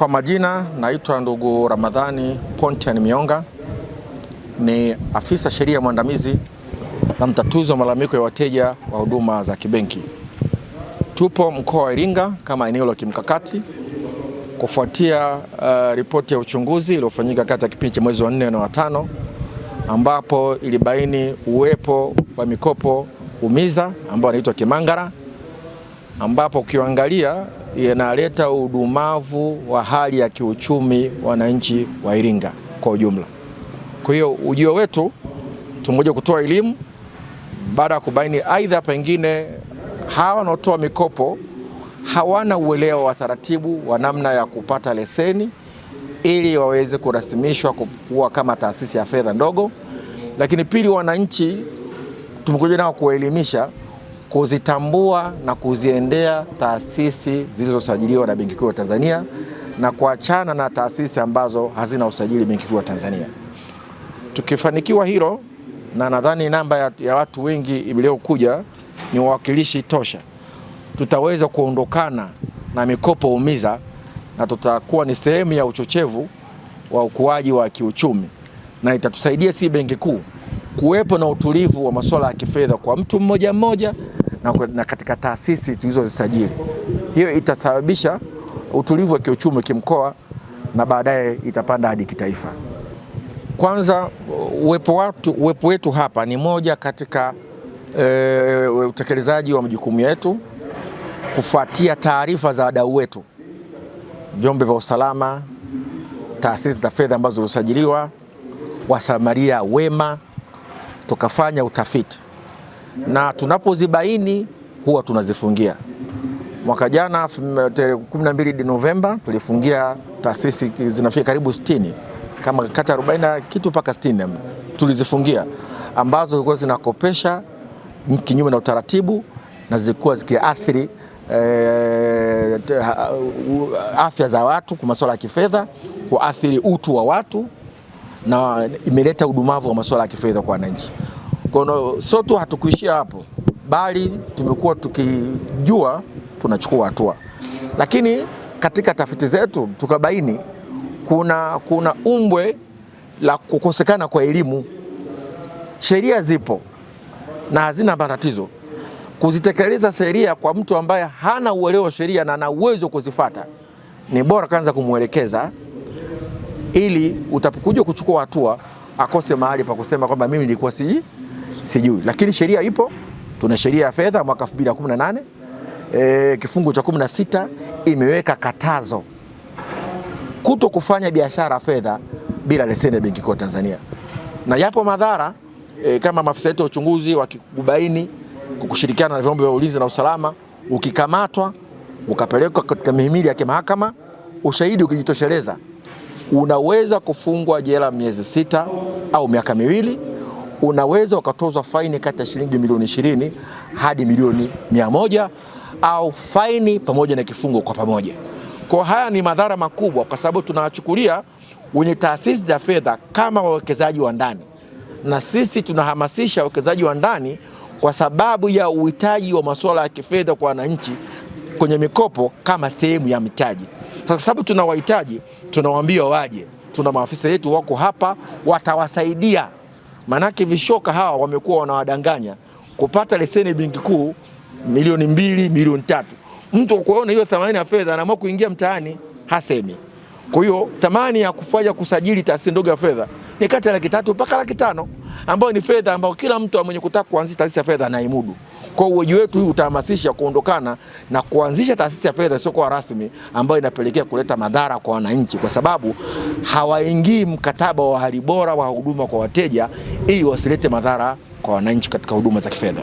Kwa majina naitwa ndugu Ramadhani Pontian Mionga, ni afisa sheria mwandamizi na mtatuzi wa malalamiko ya wateja wa huduma za kibenki. Tupo mkoa wa Iringa kama eneo la kimkakati kufuatia uh, ripoti ya uchunguzi iliyofanyika kati ya kipindi cha mwezi wa nne na wa tano ambapo ilibaini uwepo wa mikopo umiza ambayo inaitwa kimangara ambapo ukiangalia yanaleta udumavu wa hali ya kiuchumi wananchi wa Iringa kwa ujumla. Kwa hiyo ujio wetu tumekuja kutoa elimu baada ya kubaini aidha, pengine hawa wanaotoa mikopo hawana uelewa wa taratibu wa namna ya kupata leseni ili waweze kurasimishwa kuwa kama taasisi ya fedha ndogo, lakini pili, wananchi tumekuja nao kuwaelimisha kuzitambua na kuziendea taasisi zilizosajiliwa na Benki Kuu ya Tanzania na kuachana na taasisi ambazo hazina usajili Benki Kuu ya Tanzania. Tukifanikiwa hilo, na nadhani namba ya, ya watu wengi iliyokuja ni wawakilishi tosha, tutaweza kuondokana na mikopo umiza na tutakuwa ni sehemu ya uchochevu wa ukuaji wa kiuchumi na itatusaidia si benki kuu kuwepo na utulivu wa masuala ya kifedha kwa mtu mmoja mmoja na, na katika taasisi tulizozisajili. Hiyo itasababisha utulivu wa kiuchumi kimkoa na baadaye itapanda hadi kitaifa. Kwanza uwepo, watu, uwepo wetu hapa ni moja katika e, utekelezaji wa majukumu yetu kufuatia taarifa za wadau wetu, vyombo vya usalama, taasisi za fedha ambazo zilisajiliwa, wasamaria wema, tukafanya utafiti na tunapozibaini huwa tunazifungia. Mwaka jana 12 Novemba tulifungia taasisi zinafika karibu 60 kama kata 40 kitu mpaka 60 tulizifungia, ambazo zilikuwa zinakopesha kinyume na utaratibu na zilikuwa zikiathiri e, afya za watu kwa masuala ya kifedha, kuathiri utu wa watu na imeleta udumavu wa masuala ya kifedha kwa wananchi. Kono tu hatukuishia hapo, bali tumekuwa tukijua tunachukua hatua, lakini katika tafiti zetu tukabaini kuna, kuna umbwe la kukosekana kwa elimu. Sheria zipo na hazina matatizo kuzitekeleza sheria kwa mtu ambaye hana uelewa wa sheria na ana uwezo kuzifata, ni bora kwanza kumwelekeza, ili utapokuja kuchukua hatua akose mahali pa kusema kwamba mimi nilikuwa si sijui, lakini sheria ipo. Tuna sheria ya fedha mwaka 2018 e, kifungu cha 16 imeweka katazo kuto kufanya biashara fedha bila leseni ya Benki Kuu ya Tanzania, na yapo madhara e, kama maafisa wetu wa uchunguzi wakikubaini kushirikiana na vyombo vya ulinzi na usalama, ukikamatwa ukapelekwa katika mihimili ya kimahakama, ushahidi ukijitosheleza, unaweza kufungwa jela miezi sita au miaka miwili unaweza ukatozwa faini kati ya shilingi milioni ishirini hadi milioni mia moja au faini pamoja na kifungo kwa pamoja. Kwa haya ni madhara makubwa, kwa sababu tunawachukulia wenye taasisi za fedha kama wawekezaji wa ndani, na sisi tunahamasisha wawekezaji wa ndani kwa sababu ya uhitaji wa masuala ya kifedha kwa wananchi kwenye mikopo kama sehemu ya mitaji. Kwa sababu tunawahitaji, tunawaambia waje, tuna maafisa yetu wako hapa, watawasaidia. Maanake vishoka hawa wamekuwa wanawadanganya kupata leseni benki kuu milioni mbili milioni tatu. Mtu kuona hiyo thamani ya fedha anaamua kuingia mtaani hasemi. Kwa hiyo thamani ya kufanya kusajili taasisi ndogo ya fedha ni kati ya laki tatu mpaka laki tano ambayo ni fedha ambayo kila mtu mwenye kutaka kuanzisha taasisi ya fedha anaimudu. Kwa hiyo uweji wetu huu utahamasisha kuondokana na kuanzisha taasisi ya fedha sio kwa rasmi ambayo inapelekea kuleta madhara kwa wananchi, kwa sababu hawaingii mkataba wa hali bora wa huduma kwa wateja ili wasilete madhara kwa wananchi katika huduma za kifedha.